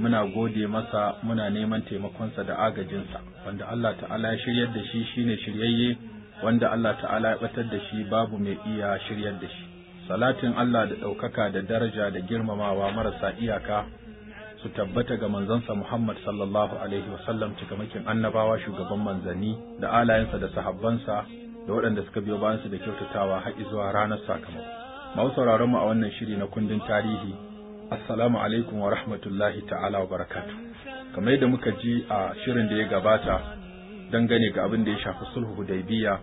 muna gode masa muna neman taimakonsa da agajinsa wanda Allah ta'ala ya shiryar da shi shine shiryayye wanda Allah ta'ala ya batar da shi babu mai iya shiryar da shi salatin Allah da ɗaukaka da daraja da girmamawa marasa iyaka su tabbata ga manzansa Muhammad sallallahu alaihi wasallam cikamakin annabawa shugaban manzanni da alayensa da sahabbansa da waɗanda suka biyo bayansu da kyautatawa har zuwa ranar sakamako masu sauraron mu a wannan shiri na kundin tarihi assalamu alaikum wa rahmatullahi ta'ala wa barakatu kamar yadda muka ji a shirin da ya gabata dangane ga abin da ya shafi sulhu hudaybiya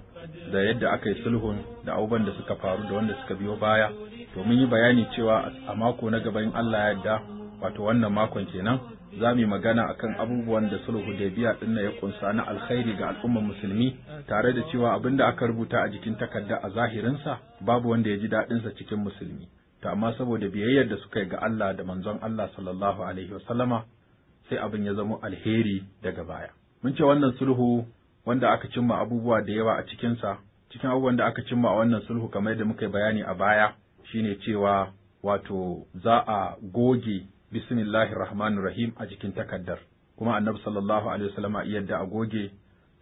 da yadda aka yi sulhun da abubuwan da suka faru da wanda suka biyo baya to yi bayani cewa a mako na gaba in Allah ya yarda wato wannan makon kenan za mu yi magana akan abubuwan da sulhu hudaybiya din ya kunsa na alkhairi ga al'ummar musulmi tare da cewa abin da aka rubuta a jikin takarda a zahirinsa babu wanda ya ji daɗin sa cikin musulmi to amma saboda biyayyar da suka yi ga Allah da manzon Allah sallallahu alaihi wasallama sai abin ya zama alheri daga baya mun ce wannan sulhu wanda aka cimma abubuwa da yawa a cikinsa cikin abubuwan da aka cimma a wannan sulhu kamar da muka yi bayani a baya shine cewa wato za a goge bismillahi rahmanir rahim a jikin takardar kuma annabi sallallahu alaihi wasallama yadda a goge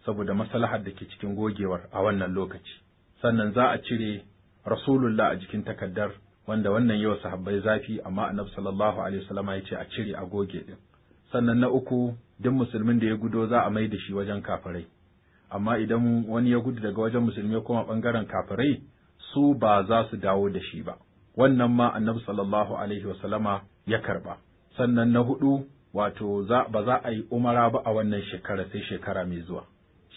saboda maslahar da ke cikin gogewar a wannan lokaci sannan za a cire rasulullah a jikin takardar wanda wannan yawa sahabbai zafi amma annabi sallallahu alaihi wasallama ya ce a cire a goge din sannan na uku duk musulmin da ya gudo za a mai da shi wajen kafirai amma idan wani ya gudu daga wajen musulmi kuma bangaren kafirai su ba za su dawo da shi ba wannan ma annabi sallallahu alaihi wasallama ya karba sannan na hudu wato ba za a yi umara ba a wannan shekara sai shekara mai zuwa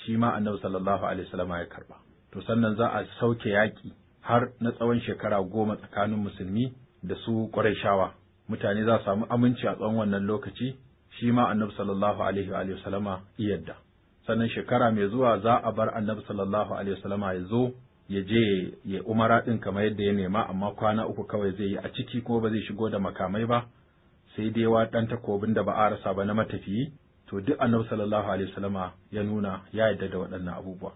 shi ma annabi sallallahu alaihi wasallama ya karba to sannan za a sauke yaƙi har na tsawon shekara goma tsakanin musulmi da su ƙwarai mutane za su samu aminci a tsawon wannan lokaci shi ma annabi sallallahu alaihi wa iyadda sannan shekara mai zuwa za a bar annabi sallallahu alaihi wa ya zo ya je ya umara ɗin kamar yadda ya nema amma kwana uku kawai zai yi a ciki ko ba zai shigo da makamai ba sai dai wa dan takobin da ba a rasa ba na matafiyi to duk annabi sallallahu alaihi wasallama ya nuna ya yarda da waɗannan abubuwa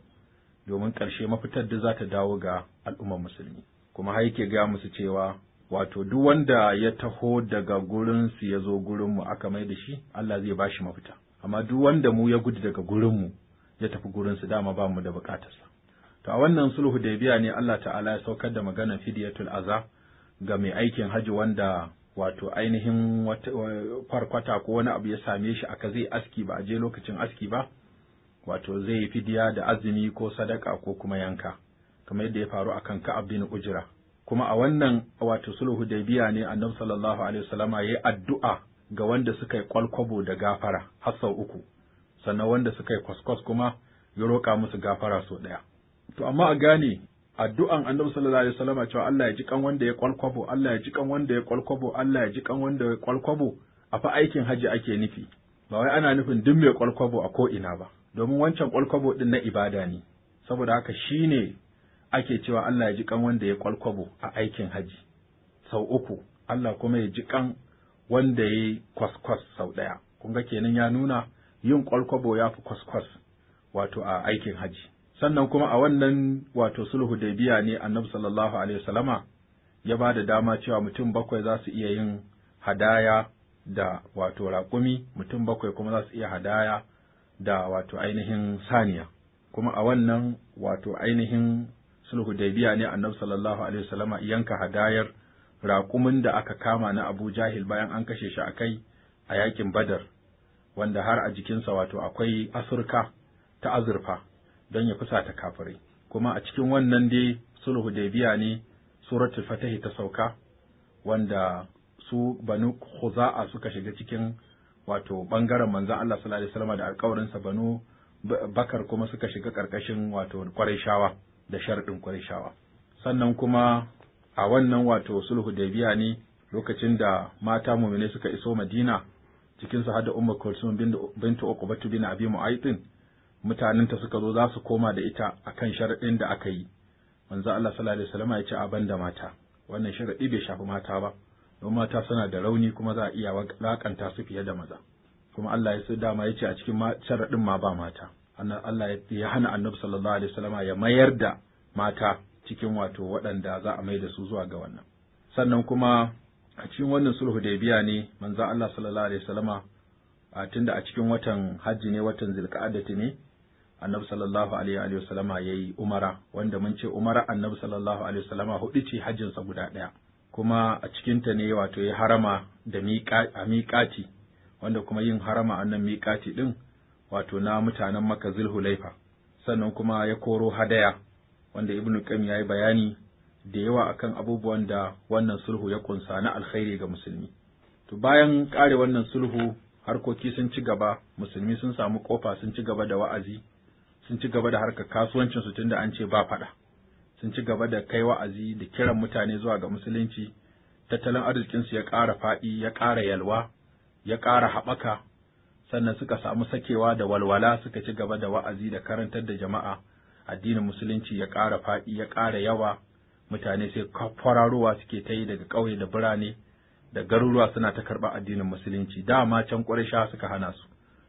domin ƙarshe mafitar da za ta dawo ga al'ummar musulmi kuma har yake ga musu cewa wato duk wanda ya taho daga gurinsu ya zo gurinmu aka mai da shi Allah zai ba shi mafita amma duk wanda mu ya gudu daga gurinmu ya tafi gurinsu dama ba mu da bukatarsa To a wannan sulhu da biya ne Allah ta'ala ya saukar da maganar fidiyatul aza ga mai aikin hajji wanda wato ainihin farkwata ko wani abu ya same shi aka zai aski ba a je lokacin aski ba wato zai yi fidiya da azumi ko sadaka ko kuma yanka kamar yadda ya faru akan Ka'ab bin Ujra kuma a wannan wato sulhu da biya ne Annabi sallallahu alaihi wasallama yayi addu'a ga wanda suka yi kwalkwabo da gafara har sau uku sannan wanda suka yi kwaskwas kuma ya roƙa musu gafara sau ɗaya to amma a gane addu'an annabi sallallahu alaihi wasallam cewa Allah ya ji kan wanda ya kwalkwabo Allah ya ji kan wanda ya kwalkwabo Allah ya ji kan wanda ya kwalkwabo a fa aikin haji ake nufi ba wai ana nufin duk mai kwalkwabo a ko ina ba domin wancan kwalkwabo din na ibada ne saboda haka shine ake cewa Allah ya ji kan wanda ya kwalkwabo a aikin haji sau uku Allah kuma ya ji kan wanda ya kwaskwas sau ɗaya kun ga kenan ya nuna yin kwalkwabo ya fi kwaskwas wato a aikin haji sannan kuma a wannan wato sulhu da biya ne annabi sallallahu alaihi wasallama ya ba da dama cewa mutum bakwai za su iya yin hadaya da wato raƙumi mutum bakwai kuma za su iya hadaya da wato ainihin saniya kuma a wannan wato ainihin sulhu da biya ne annabi sallallahu alaihi wasallama yanka hadayar raƙumin da aka kama na Abu Jahil bayan an kashe shi a kai a yakin Badar wanda har a jikinsa wato akwai asurka ta azurfa don ya ta kafirai kuma a cikin wannan dai sulhu biya ne suratul fatahi ta sauka wanda su banu khuza'a suka shiga cikin wato bangaren manzon Allah sallallahu alaihi wasallam da alƙawarinsa banu bakar kuma suka shiga ƙarƙashin wato shawa da sharɗin ƙwarishawa sannan kuma a wannan wato sulhu biya ne lokacin da mata mu suka iso Madina cikin su hada Ummu Kulsum bintu Uqbatu bin Abi Mu'aytin mutanenta suka zo za su koma da ita a akan sharaɗin da aka yi manzo Allah sallallahu alaihi ya ce a da mata wannan sharaɗi bai shafi mata ba don mata suna da rauni kuma za a iya lakanta su fiye da maza kuma Allah ya so dama ya ce a cikin sharaɗin ma ba mata Allah ya hana annabi sallallahu alaihi wasallam ya mayar da mata cikin wato waɗanda za a mai da su zuwa ga wannan sannan kuma a cikin wannan sulhu da biya ne manzo Allah sallallahu alaihi tunda a cikin watan hajji ne watan zilka'adati ne annabi sallallahu alaihi wa sallama yayi umara wanda mun ce umara annabi sallallahu alaihi wa sallama hudu ce hajjin sa guda ɗaya. kuma a cikin ta ne wato ya harama da a miƙati wanda kuma yin harama annan miƙati din wato na mutanen Makka Zulhulaifa sannan kuma ya koro hadaya wanda Ibn Qayyim yi bayani da yawa akan abubuwan da wannan sulhu ya kunsa na alkhairi ga musulmi to bayan kare wannan sulhu harkoki sun ci gaba musulmi sun samu kofa sun ci gaba da wa'azi sun ci gaba da harkar kasuwancinsu tunda an ce ba faɗa sun ci gaba da kai wa'azi da kiran mutane zuwa ga musulunci tattalin arzikinsu ya ƙara faɗi ya ƙara yalwa ya ƙara haɓaka sannan suka samu sakewa da walwala suka ci gaba da wa'azi da karantar da jama'a addinin musulunci ya ƙara faɗi ya ƙara yawa mutane sai kwararowa suke ta yi daga ƙauye da birane da garuruwa suna ta karɓar addinin musulunci dama can ƙuraysha suka hana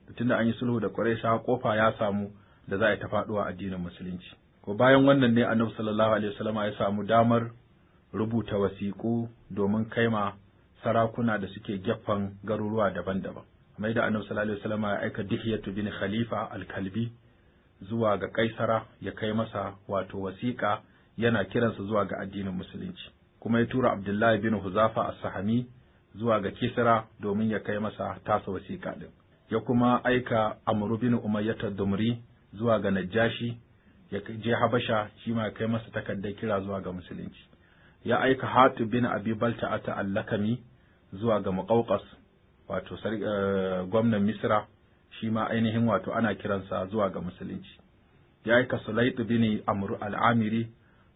su tunda an yi sulhu da ƙuraysha kofa ya samu da za a yi ta a addinin musulunci ko bayan wannan ne annabi sallallahu alaihi wasallam ya samu damar rubuta wasiƙu domin kaima sarakuna da suke gefen garuruwa daban-daban mai da annabi sallallahu alaihi wasallam ya aika dihiyatu bin khalifa al-kalbi zuwa ga kaisara ya kai masa wato wasiƙa yana kiransa zuwa ga addinin musulunci kuma ya tura abdullahi bin huzafa as-sahami zuwa ga kisra domin ya kai masa tasa wasiƙa din ya kuma aika amru bin umayyata dumri zuwa ga Najjashi ya je Habasha shi ma ya kai masa takardar kira zuwa ga musulunci ya aika Hatib bin Abi Balta ta Allakami zuwa ga Muqawqas wato eh, gwamnan Misra shi ma ainihin wato ana kiransa zuwa ga musulunci ya aika Sulait bin Amr al-Amiri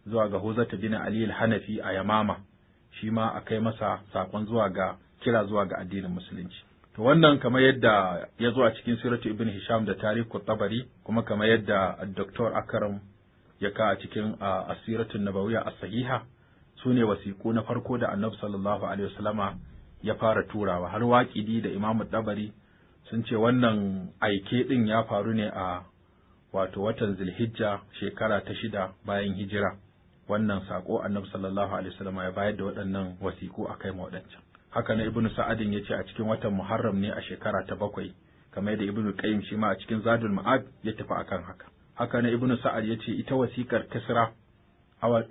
zuwa ga huzata bin Ali hanafi a Yamama shi ma a kai masa saƙon zuwa ga kira zuwa ga addinin musulunci To wannan kamar yadda ya zo a cikin siratu Ibn Hisham da tarihi tabari kuma kamar yadda Dr. Akaram ya ka a cikin asiratun nabawiya a sahiha su ne wasiƙu na farko da annabi sallallahu alaihi wasallama ya fara turawa har waƙidi da imamu tabari sun ce wannan aike ɗin ya faru ne a wato watan zilhijja shekara ta shida bayan hijira wannan saƙo annabi sallallahu alaihi wasallama ya bayar da waɗannan wasiƙu a kai mawaɗancan. haka na ibnu sa'adin yace a cikin watan muharram ne a shekara ta bakwai kamar da ibnu qayyim shi ma a cikin zadul ma'ad ya tafi akan haka haka na ibnu sa'ad yace ita wasikar kisra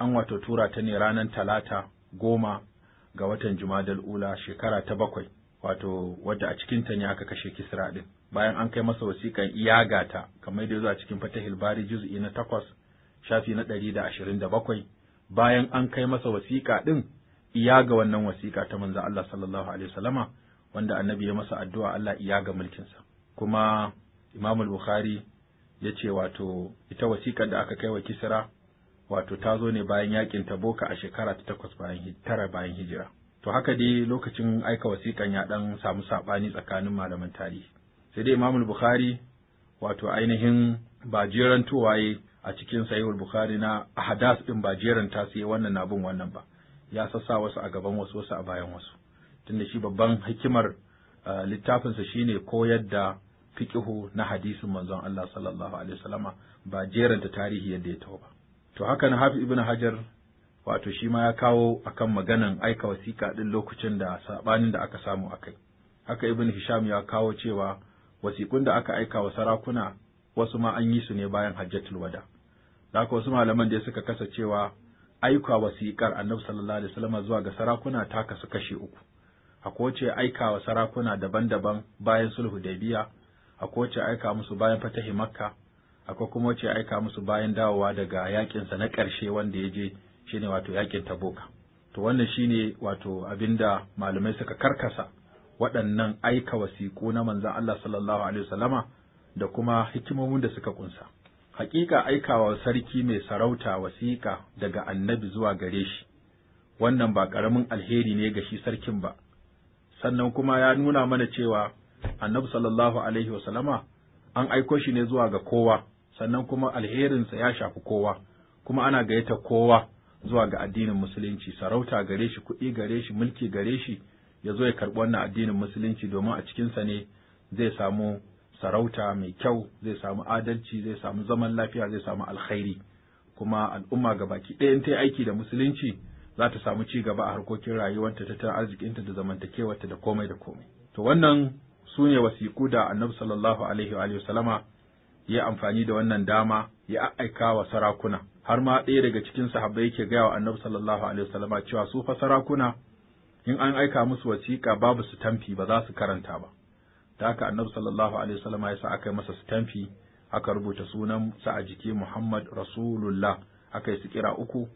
an wato tura ta ne ranar talata goma ga watan jumadal ula shekara ta bakwai wato wadda a cikin ta ne aka kashe kisra din bayan an kai masa iyaga ta, kamar da zo a cikin fatahil bari juz'i na takwas shafi na ɗari da ashirin da bakwai bayan an kai masa wasiƙa ɗin iya ga wannan wasiƙa ta manzon Allah sallallahu alaihi wasallama wanda annabi ya masa addu'a Allah iya ga mulkinsa kuma Imam Bukhari ya ce wato ita wasiƙar da aka kai wa Kisra wato ta zo ne bayan yakin Taboka a shekara ta takwas bayan tara bayan hijira to haka dai lokacin aika wasiƙan ya dan samu saɓani tsakanin malaman tarihi sai dai Imam Bukhari wato ainihin ba tuwaye a cikin sahihul Bukhari na ahadas din ba jeran ta sai wannan na bin wannan ba ya sassa wasu a gaban wasu wasu a bayan wasu tunda shi babban hikimar uh, littafinsa shine koyar da fiqihu na hadisin manzon Allah sallallahu alaihi wasallama ba jeranta tarihi yadda ya taho ba to haka na Hafi ibn Hajar wato shi ma ya kawo akan maganan aika wasiƙa din lokacin da sabanin da aka samu akai haka ibn Hisham ya kawo cewa wasiƙun da aka aika wa sarakuna wasu ma an yi su ne bayan hajjatul wada da haka wasu malaman da suka kasa cewa aika wasiƙar annabi sallallahu alaihi wasallam zuwa ga sarakuna ta kasu kashe uku akwai wacce aika wa sarakuna daban-daban bayan sulhu da biya. akwai wacce aika musu bayan fatahi makka akwai kuma wacce aika musu bayan dawowa daga yakin sa na ƙarshe wanda ya je shine wato yakin taboka to wannan shine wato abinda malamai suka karkasa waɗannan aika wasiƙu na manzon Allah sallallahu alaihi wasallama da kuma hikimomin da suka kunsa Hakika aikawa sarki mai sarauta wasiƙa daga annabi zuwa gare shi, wannan ba ƙaramin alheri ne ga shi sarkin ba, sannan kuma ya nuna mana cewa annabi sallallahu Alaihi wasallama an aiko shi ne zuwa ga kowa, sannan kuma alherinsa ya shafi kowa, kuma ana gayyata kowa zuwa ga addinin musulunci, sarauta gare shi, kuɗi gare shi, mulki gare shi, ya zo ya karɓi wannan addinin musulunci domin a cikinsa ne zai samu sarauta mai kyau zai samu adalci zai samu zaman lafiya zai samu alkhairi kuma al'umma ga baki ɗayan ta aiki da musulunci za ta samu ci gaba a harkokin rayuwarta ta tattalin arzikinta da zamantakewarta da komai da komai to wannan su ne wasiƙu da annabi sallallahu alaihi wa sallama ya amfani da wannan dama ya aika wa sarakuna har ma ɗaya daga cikin sahabbai yake gaya wa annabi sallallahu alaihi wa sallama cewa su fa sarakuna in an aika musu wasiƙa babu su tamfi ba za su karanta ba Da haka annabi sallallahu alaihi wasallam ya sa aka yi masa stamfi aka rubuta sunan sa a jiki Muhammad Rasulullah aka yi kira uku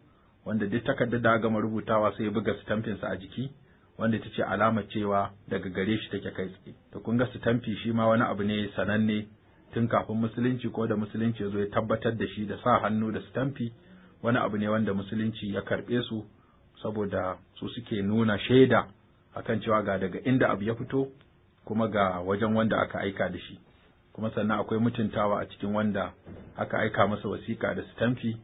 wanda duk takarda da gama rubutawa sai ya buga stamfin sa a jiki wanda ta ce alamar cewa daga gare shi take kai tsaye to kun ga stamfi shi ma wani abu ne sananne tun kafin musulunci ko da musulunci ya zo ya tabbatar da shi da sa hannu da stamfi wani abu ne wanda musulunci ya karɓe su saboda su suke nuna shaida akan cewa ga daga inda abu ya fito kuma ga wajen wanda aka aika da shi kuma sannan akwai mutuntawa a cikin wanda aka aika masa wasiƙa da sitamfi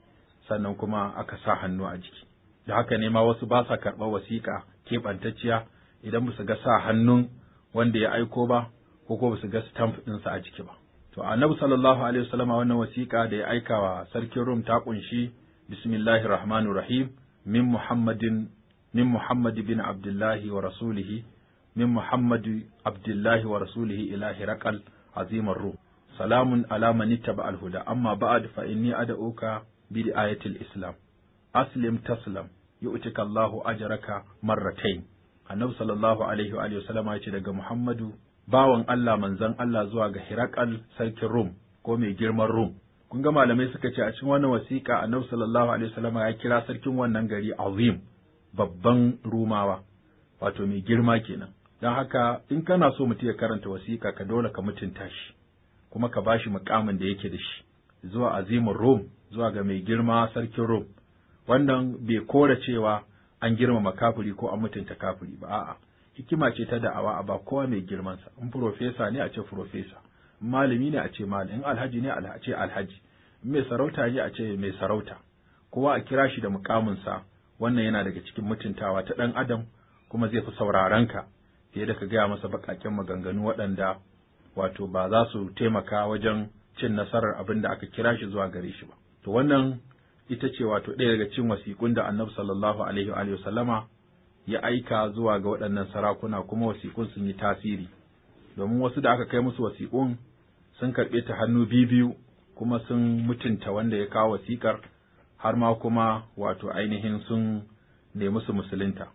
sannan kuma aka sa hannu a jiki da haka ne ma wasu ba sa karɓar wasiƙa keɓantacciya idan ba su ga sa hannun wanda ya aiko ba ko ko ba su ga sitamf ɗinsa a jiki ba to annabi sallallahu alaihi wasallama wannan wasiƙa da ya aika wa sarkin rum ta ƙunshi bismillahir rahim min muhammadin min muhammad bin abdullahi wa rasulihi min Muhammadu Abdullahi wa rasulihi ila Hiraqal azimar Rum. salamun ala man ittaba al-huda amma ba'd fa inni ad'uka bi ayatil islam aslim taslam yu'tika Allahu ajraka marratayn annabi sallallahu alaihi wa alihi wasallama ya ce daga Muhammadu bawan Allah manzon Allah zuwa ga Hiraqal sarkin Rum ko mai girman Rum kun ga malamai suka ce a cikin wannan wasiƙa ana sallallahu alaihi wasallama ya kira sarkin wannan gari azim babban rumawa wato mai girma kenan Don haka in kana so mutum ya karanta wasiƙa ka dole ka mutunta shi, kuma ka ba shi mukamin da yake da shi, zuwa azimin Rome, zuwa ga mai girma sarkin Rome. Wannan bai kora cewa an girmama kafiri ko an mutunta kafiri ba, a'a. Hikima ce ta da'awa a ba kowa mai girmansa, in furofesa ne a ce profesa. in malami ne a ce malami, in alhaji ne a ce alhaji, in mai sarauta ne a ce mai sarauta. kowa a kira shi da mukaminsa wannan yana daga cikin mutuntawa ta ɗan adam kuma zai fi sauraron ka fiye da ka gaya masa baƙaƙen maganganu waɗanda wato ba za su taimaka wajen cin nasarar abin da aka kira shi zuwa gare shi ba. To wannan ita ce wato ɗaya daga cin wasiƙun da annabi sallallahu alaihi wa sallama ya aika zuwa ga waɗannan sarakuna kuma wasiƙun sun yi tasiri. Domin wasu da aka kai musu wasiƙun sun karɓe ta hannu biyu kuma sun mutunta wanda ya kawo wasiƙar har ma kuma wato ainihin sun nemi su musulunta.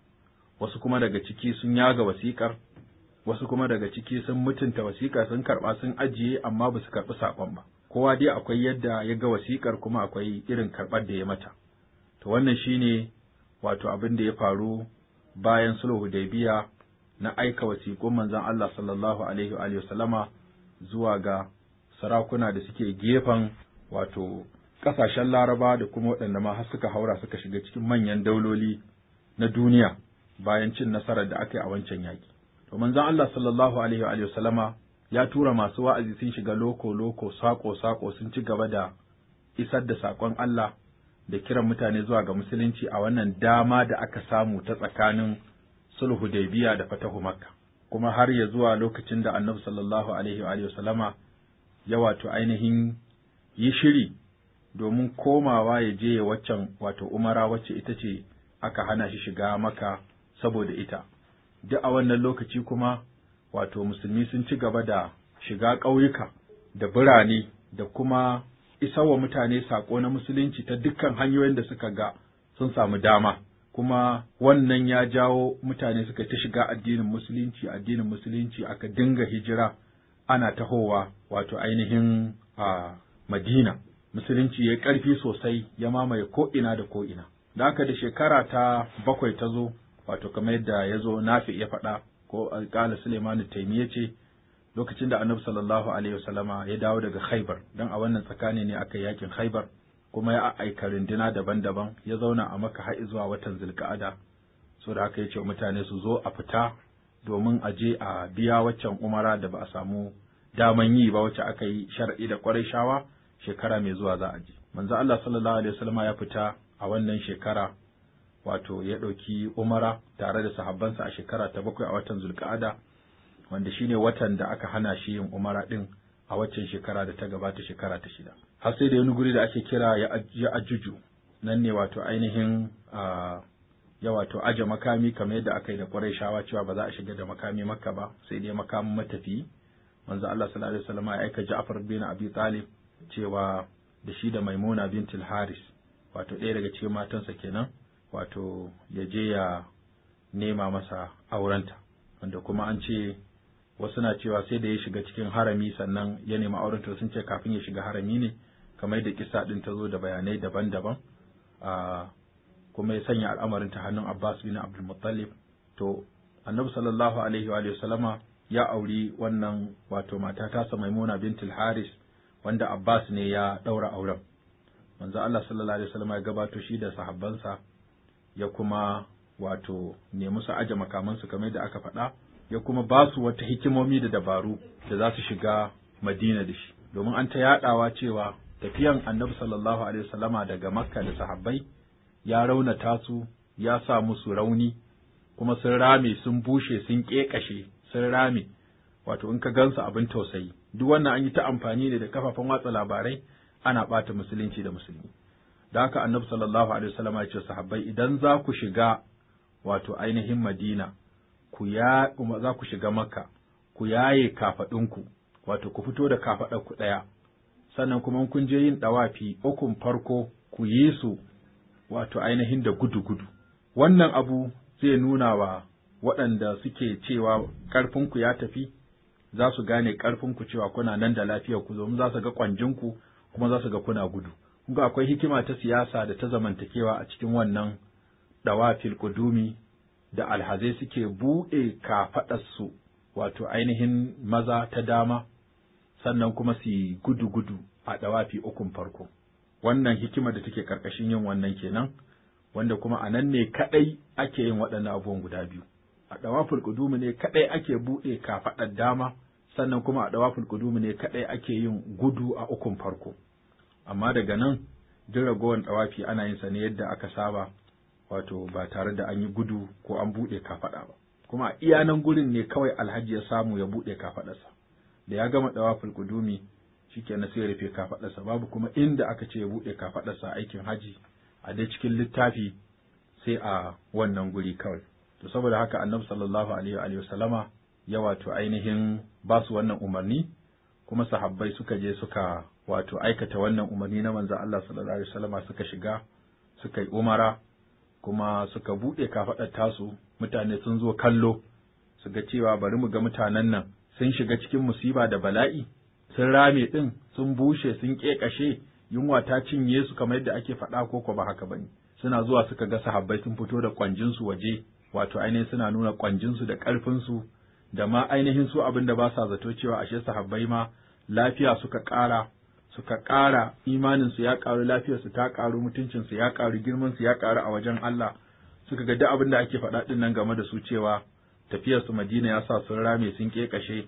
wasu kuma daga ciki sun yaga wasiƙar wasu kuma daga ciki sun mutunta wasiƙa sun karɓa sun ajiye amma ba su karɓi saƙon ba kowa dai akwai yadda ya ga wasiƙar kuma akwai irin karɓar da ya mata to wannan shine wato abin da ya faru bayan sulhu hudaybiya na aika wasiƙun manzon Allah sallallahu alaihi wa sallama zuwa ga sarakuna da suke gefen wato ƙasashen Laraba da kuma waɗanda ma har suka haura suka shiga cikin manyan dauloli na duniya bayan cin nasarar da aka yi a wancan yaƙi. To manzon Allah sallallahu alaihi wa sallama ya tura masu wa'azi sun shiga loko loko sako sako sun ci gaba da isar da saƙon Allah da kiran mutane zuwa ga musulunci a wannan dama da aka samu ta tsakanin sulhu da biya da fatahu makka kuma har ya zuwa lokacin da annabi sallallahu alaihi wa sallama ya wato ainihin yi shiri domin komawa ya je waccan wato umara wacce ita ce aka hana shi shiga maka saboda ita duk a wannan lokaci kuma wato musulmi sun ci gaba da shiga ƙauyuka da birane da kuma isa wa mutane saƙo na musulunci ta dukkan hanyoyin da suka ga sun samu dama kuma wannan ya jawo mutane suka ta shiga addinin musulunci addinin musulunci aka dinga hijira ana tahowa wato ainihin a madina musulunci ya ƙarfi sosai ya mamaye ko'ina da ko'ina da aka da shekara ta bakwai ta zo wato kamar yadda ya zo nafi ya faɗa ko alƙala Suleiman Taimi ya ce lokacin da Annabi sallallahu alaihi wasallama ya dawo daga Khaibar dan a wannan tsakani ne aka yakin Khaibar kuma ya aika rinduna daban-daban ya zauna a Makka har zuwa watan Zulqa'ada so da haka ya ce mutane su zo a fita domin a je a biya waccan umara da ba a samu daman yi ba wacce aka yi shar'i da kwarai shawa shekara mai zuwa za a je manzo Allah sallallahu alaihi wasallama ya fita a wannan shekara wato ya ɗauki umara tare da sahabbansa a shekara ta bakwai a watan zulka'ada wanda shine watan da aka hana shi yin umara ɗin a waccan shekara da ta gabata shekara ta shida har sai da wani guri da ake kira ya ajuju nan ne wato ainihin ya wato aje makami kamar yadda aka yi da ƙwarai shawa cewa ba za a shiga da makami makka ba sai dai makamin matafi manzo Allah sallallahu alaihi wasallam ya aika Ja'far bin Abi Talib cewa da shi da Maimuna bintul Haris wato ɗaya daga cikin matansa kenan wato ya je ya nema masa aurenta wanda kuma an ce wasu na cewa sai da ya shiga cikin harami sannan ya nemi aurenta sun ce kafin ya shiga harami ne kamar da kisa din ta zo da bayanai daban-daban kuma ya sanya al'amarin ta hannun Abbas bin Abdul Muttalib to Annabi sallallahu alaihi wa sallama ya auri wannan wato mata tasa Maimuna bintul Haris wanda Abbas ne ya daura auren manzo Allah sallallahu alaihi sallama ya gabato shi da sahabbansa ya kuma wato nemi su aje makamansu kamar da aka faɗa ya kuma ba su wata hikimomi da dabaru da za su shiga madina da shi domin an ta yaɗawa cewa tafiyan annabi sallallahu alaihi wasallama daga makka da sahabbai ya raunata su ya sa musu rauni kuma sun rame sun bushe sun ƙeƙashe sun rame wato in ka gansu abin tausayi duk wannan an yi ta amfani ne da kafafen watsa labarai ana ɓata musulunci da musulmi da haka annabi sallallahu alaihi wasallam ya ce sahabbai idan za ku shiga wato ainihin Madina ku ya za ku shiga Makka ku yaye kafadunku wato ku fito da ku ɗaya sannan kuma kun je yin ɗawafi ukun farko ku yi su wato ainihin da gudu-gudu wannan abu zai nuna wa waɗanda suke cewa ƙarfinku ya tafi za su gane ƙarfinku cewa kuna nan da lafiya ku domin za su ga ku kuma za su ga kuna gudu Kuga akwai hikima ta siyasa da ta zamantakewa a cikin wannan dawafil kudumi da alhazai suke buɗe su wato ainihin maza ta dama sannan kuma su gudu-gudu a dawafi ukun farko. Wannan hikimar da take ƙarƙashin yin wannan kenan, wanda kuma a nan ne kaɗai ake yin waɗannan abubuwan guda biyu. A ɗawafin kudumi ne kaɗai ake buɗe kafaɗar dama, sannan kuma a ɗawafin kudumi ne kaɗai ake yin gudu a ukun farko. amma daga nan duk ragowar ɗawafi ana yin sa ne yadda aka saba wato ba tare da an yi gudu ko an buɗe kafaɗa ba kuma a iya nan gurin ne kawai alhaji ya samu ya buɗe kafaɗarsa da ya gama ɗawafin kudumi shikenan sai ya rufe kafaɗarsa babu kuma inda aka ce ya buɗe kafaɗarsa aikin haji a dai cikin littafi sai a wannan guri kawai to saboda haka annabi sallallahu alaihi wa sallama ya wato ainihin ba su wannan umarni kuma sahabbai suka je suka wato aikata wannan umarni na manzon Allah sallallahu alaihi wasallam suka shiga suka yi umara kuma suka bude kafaɗar tasu mutane sun zo kallo su ga cewa bari mu ga mutanen nan sun shiga cikin musiba da bala'i sun rame ɗin sun bushe sun ƙeƙashe yunwa ta cinye su kamar yadda ake faɗa ko ko ba haka bane suna zuwa suka ga sahabbai sun fito da kwanjinsu waje wato ainihin suna nuna kwanjinsu da su da ma ainihin su abin da ba sa zato cewa ashe sahabbai ma lafiya suka ƙara suka ƙara imaninsu ya ƙaru lafiyarsu ta ƙaru mutuncinsu ya ƙaru girman su ya ƙaru a wajen Allah suka ga duk abin da ake faɗa ɗin nan game da su cewa tafiyarsu Madina ya sa sun rame sun ƙeƙashe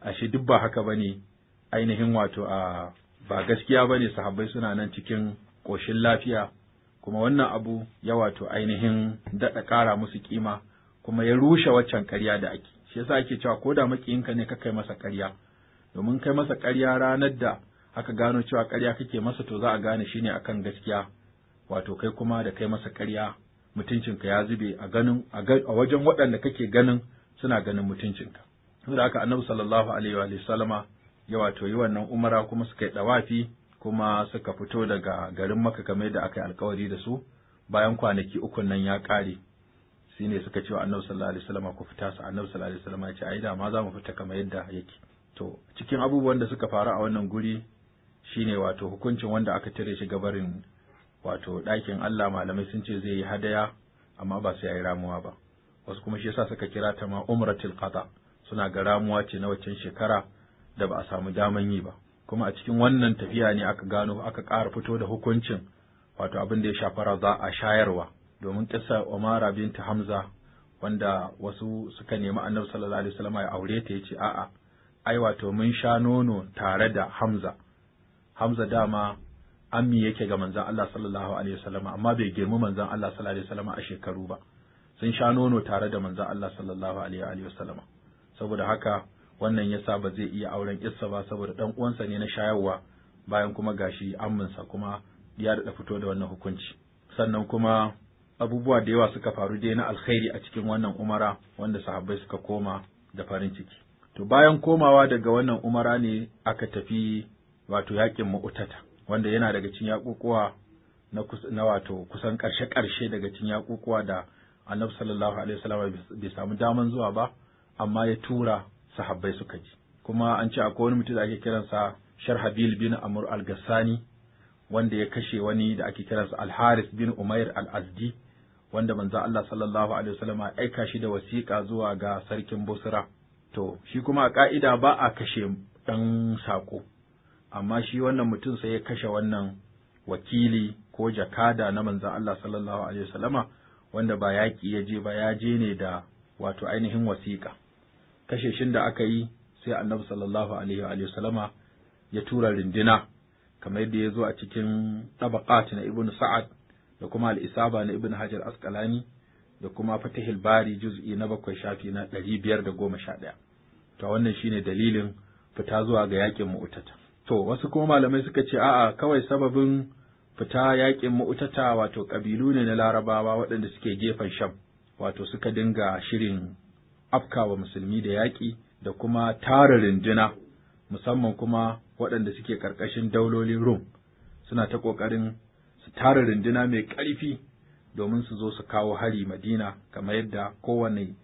ashe duk ba haka bane ainihin wato a ba gaskiya bane sahabbai suna nan cikin ƙoshin lafiya kuma wannan abu ya wato ainihin daɗa ƙara musu kima kuma ya rushe waccan ƙarya da ake shi yasa ake cewa ko da maƙiyinka ne ka kai masa ƙarya domin kai masa ƙarya ranar da aka gano cewa ƙarya kake masa to za a gane shi ne akan gaskiya wato kai kuma da kai masa ƙarya mutuncinka ya zube a ganin a wajen waɗanda kake ganin suna ganin mutuncinka saboda haka annabi sallallahu alaihi wa sallama ya wato yi wannan umara kuma suka yi dawafi kuma suka fito daga garin maka kamar da aka yi alkawari da su bayan kwanaki uku nan ya ƙare shi ne suka ce wa annabi sallallahu alaihi wasallam ku fita su annabi sallallahu alaihi wasallam ya ce ai da ma za mu fita kamar yadda yake to cikin abubuwan da suka faru a wannan guri Shi ne wato hukuncin wanda aka tare shi gabarin wato ɗakin Allah malamai sun ce zai yi hadaya amma ba sai yayi ramuwa ba wasu kuma shi yasa suka kira ta ma umratul qada suna ga ramuwa ce na waccan shekara da ba a samu daman yi ba kuma a cikin wannan tafiya ne aka gano aka ƙara fito da hukuncin wato abin da ya shafa za a shayarwa domin kissa Umara binta Hamza wanda wasu suka nemi Annabi sallallahu alaihi wasallam ya aure ta yace a'a ai wato mun sha nono tare da Hamza Hamza dama ammi yake ga manzan Allah sallallahu alaihi wasallam amma bai girmi manzan Allah sallallahu alaihi wasallam a shekaru ba sun sha nono tare da manzan Allah sallallahu alaihi wasallam saboda haka wannan yasa ba zai iya auren Issa ba saboda dan uwansa ne na shayarwa bayan kuma gashi amminsa kuma ya da fito da wannan hukunci sannan kuma abubuwa da yawa suka faru dai na alkhairi a cikin wannan umara wanda sahabbai suka koma da farin ciki to bayan komawa daga wannan umara ne aka tafi wato yakin ma'utata wanda yana daga cikin yakukuwa na, na wato kusan karshe karshe daga cikin yakukuwa da annabi sallallahu alaihi wasallam bai samu daman zuwa ba amma ya tura sahabbai suka ji kuma an ce akwai wani mutum da ake kiransa Sharhabil bin Amr al-Gassani wanda ya kashe wani da ake kiransa Al-Haris bin Umair al-Azdi wanda manzo Allah sallallahu alaihi wasallam ya aika shi da wasiƙa zuwa ga sarkin Busra to shi kuma a ka'ida ba a kashe ɗan sako. amma shi wannan mutum sai ya kashe wannan wakili ko jakada na manzon Allah sallallahu alaihi wasallama wanda ba yaƙi ya je ba ya je ne da wato ainihin wasiƙa kashe shin da aka yi sai annabi sallallahu alaihi wa ya tura rindina kamar yadda ya zo a cikin tabaqat na ibn sa'ad da kuma al-isaba na ibn hajar asqalani da kuma fatihil bari juz'i na bakwai shafi na ɗari biyar da goma sha ɗaya to wannan shine dalilin fita zuwa ga yaƙin mu'tata To, wasu kuma malamai suka ce, a'a, kawai sababin fita yaƙin mu'utata wato ƙabilu ne na larabawa waɗanda suke gefen sham, wato suka dinga shirin afkawa musulmi da yaƙi da kuma tara rinduna, musamman kuma waɗanda suke ƙarƙashin daulolin Rum, suna ta ƙoƙarin su tara rinduna mai ƙarfi domin su zo su kawo hari Madina, kamar yadda kowane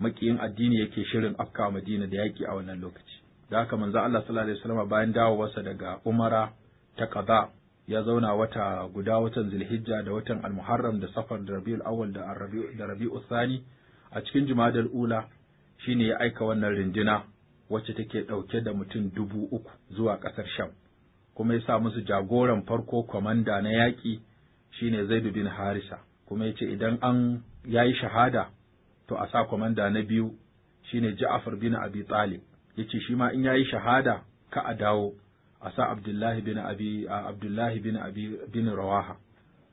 maƙiyin addini yake shirin afkawa Madina da yaƙi a wannan lokaci. da haka manzo Allah sallallahu alaihi wasallam bayan dawowarsa daga Umara ta Qada ya zauna wata guda watan Zulhijja da watan Al-Muharram da Safar da Rabiul Awwal da Rabi'u da Rabiul Thani a cikin Jumadal Ula shine ya aika wannan rindina wacce take ɗauke da mutum dubu uku zuwa ƙasar Sham kuma ya sa musu jagoran farko kwamanda na yaƙi shine Zaid bin Harisa kuma ya ce idan an yayi shahada to a sa kwamanda na biyu shine Ja'far bin Abi Talib yace shi ma in yayi shahada ka a dawo a sa Abdullahi bin Abi Abdullahi bin Abi bin Rawaha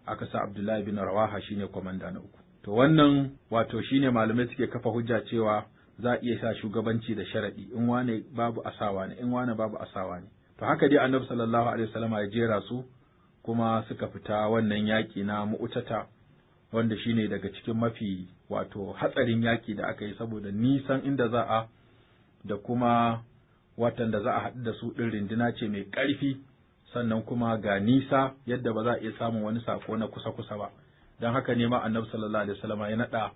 aka sa Abdullahi bin Rawaha shine komanda na uku to wannan wato shine malamai suke kafa hujja cewa za a iya sa shugabanci da sharadi in wane babu asawa ne in wane babu asawa ne to haka dai Annabi sallallahu alaihi wasallama ya jera su kuma suka fita wannan yaki na mu'utata wanda shine daga cikin mafi wato hatsarin yaƙi da aka yi saboda nisan inda za a da kuma watan da za a haɗu da su ɗin rindina ce mai ƙarfi sannan kuma ga nisa yadda ba za a iya samun wani sako na kusa-kusa ba don haka ne ma annabi sallallahu alaihi wasallam ya naɗa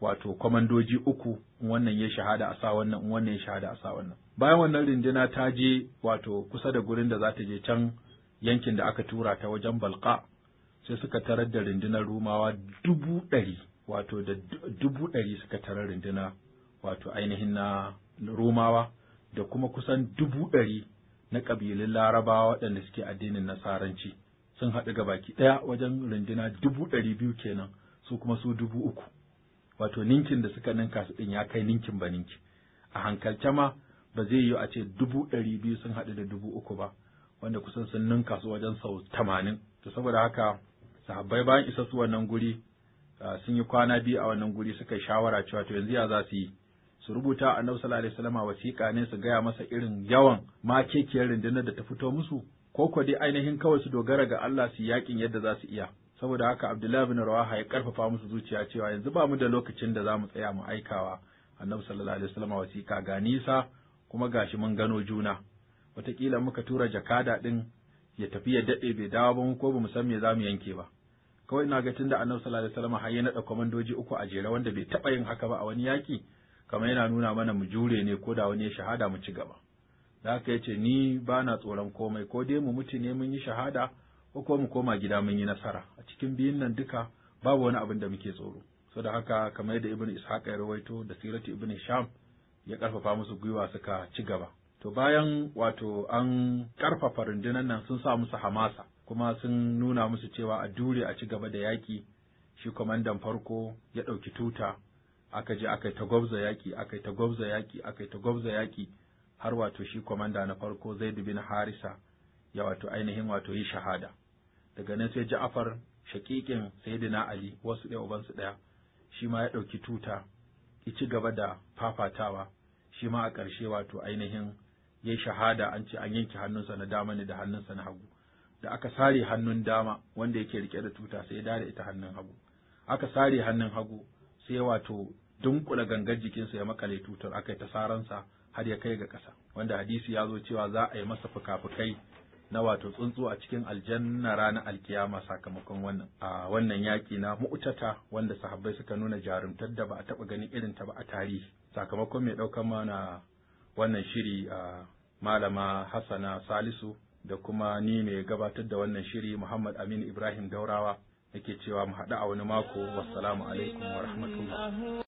wato kwamandoji uku in wannan ya shahada a sa wannan wannan ya shahada a sa wannan bayan wannan rindina ta je wato kusa da gurin da za ta je can yankin da aka tura ta wajen balka sai suka tarar da rundunar rumawa dubu ɗari wato da dubu ɗari suka tarar runduna wato ainihin na Romawa da kuma kusan dubu ɗari na ƙabilun Larabawa waɗanda suke addinin Nasaranci sun haɗu ga baki ɗaya wajen runduna dubu ɗari biyu kenan su kuma su dubu uku. Wato ninkin da suka ninka su ɗin ya kai ninkin ba ninki. A hankalce ma ba zai yiwu a ce dubu ɗari biyu sun haɗu da dubu uku ba wanda kusan sun ninka su wajen sau tamanin. To saboda haka sahabbai bayan isa su wannan guri ah, sun yi kwana biyu a wannan guri suka yi shawara cewa to yanzu ya za su yi su rubuta annabi sallallahu alaihi wasiƙa ne su gaya masa irin yawan makekiyar rundunar da ta fito musu ko ko dai ainihin kawai su dogara ga Allah su yakin yadda za su iya saboda haka Abdullahi bin Rawaha ya karfafa musu zuciya cewa yanzu ba mu da lokacin da za mu tsaya mu aikawa annabi sallallahu alaihi wasallam wasiƙa ga nisa kuma gashi mun gano juna wataƙila muka tura jakada ɗin ya tafi ya daɗe bai dawo ba ko ba mu san me za mu yanke ba kawai ina ga tunda annabi sallallahu alaihi wasallam har ya naɗa kwamandoji uku a jere wanda bai taɓa yin haka ba a wani yaƙi kamar yana nuna mana mu jure ne ko da wani ya shahada mu ci gaba da haka ya ce ni ba na tsoron komai ko dai mu mutu ne mun yi shahada ko ko mu koma gida mun yi nasara a cikin biyun nan duka babu wani abin da muke tsoro so da haka kamar yadda ibnu ishaq ya rawaito da siratu ibnu Sham ya karfafa musu gwiwa suka ci gaba to bayan wato an karfafa rundunan nan sun sa musu hamasa kuma sun nuna musu cewa a dure a ci gaba da yaƙi shi kwamandan farko ya ɗauki tuta aka je aka yi ta gwabza yaƙi aka yi ta gwabza yaƙi aka yi ta gwabza yaƙi har wato shi kwamanda na farko zai bin Harisa ya wato ainihin wato yi shahada daga nan sai ja'afar shaƙiƙin Sayyidina Ali wasu ɗaya ubansu ɗaya shi ma ya ɗauki tuta ya ci gaba da fafatawa shi ma a ƙarshe wato ainihin ya yi shahada an ce an yanke hannunsa na dama ne da hannunsa na hagu da aka sare hannun dama wanda yake riƙe da tuta sai ya dare ita hannun hagu aka sare hannun hagu sai wato dunkula gangar jikinsa ya makale tutar aka yi tasaransa har ya kai ga ƙasa wanda hadisi ya zo cewa za a yi masa fuka-fukai na wato tsuntsu a cikin aljanna ranar alkiyama sakamakon wannan a wannan yaƙi na mu'tata wanda sahabbai suka nuna jarumtar da ba a taɓa ganin irin ta ba a tarihi sakamakon mai ɗaukar mana wannan shiri a malama hassana salisu da kuma ni mai gabatar da wannan shiri muhammad aminu ibrahim Daurawa. nake cewa mu haɗu a wani mako wassalamu alaikum wa rahmatullah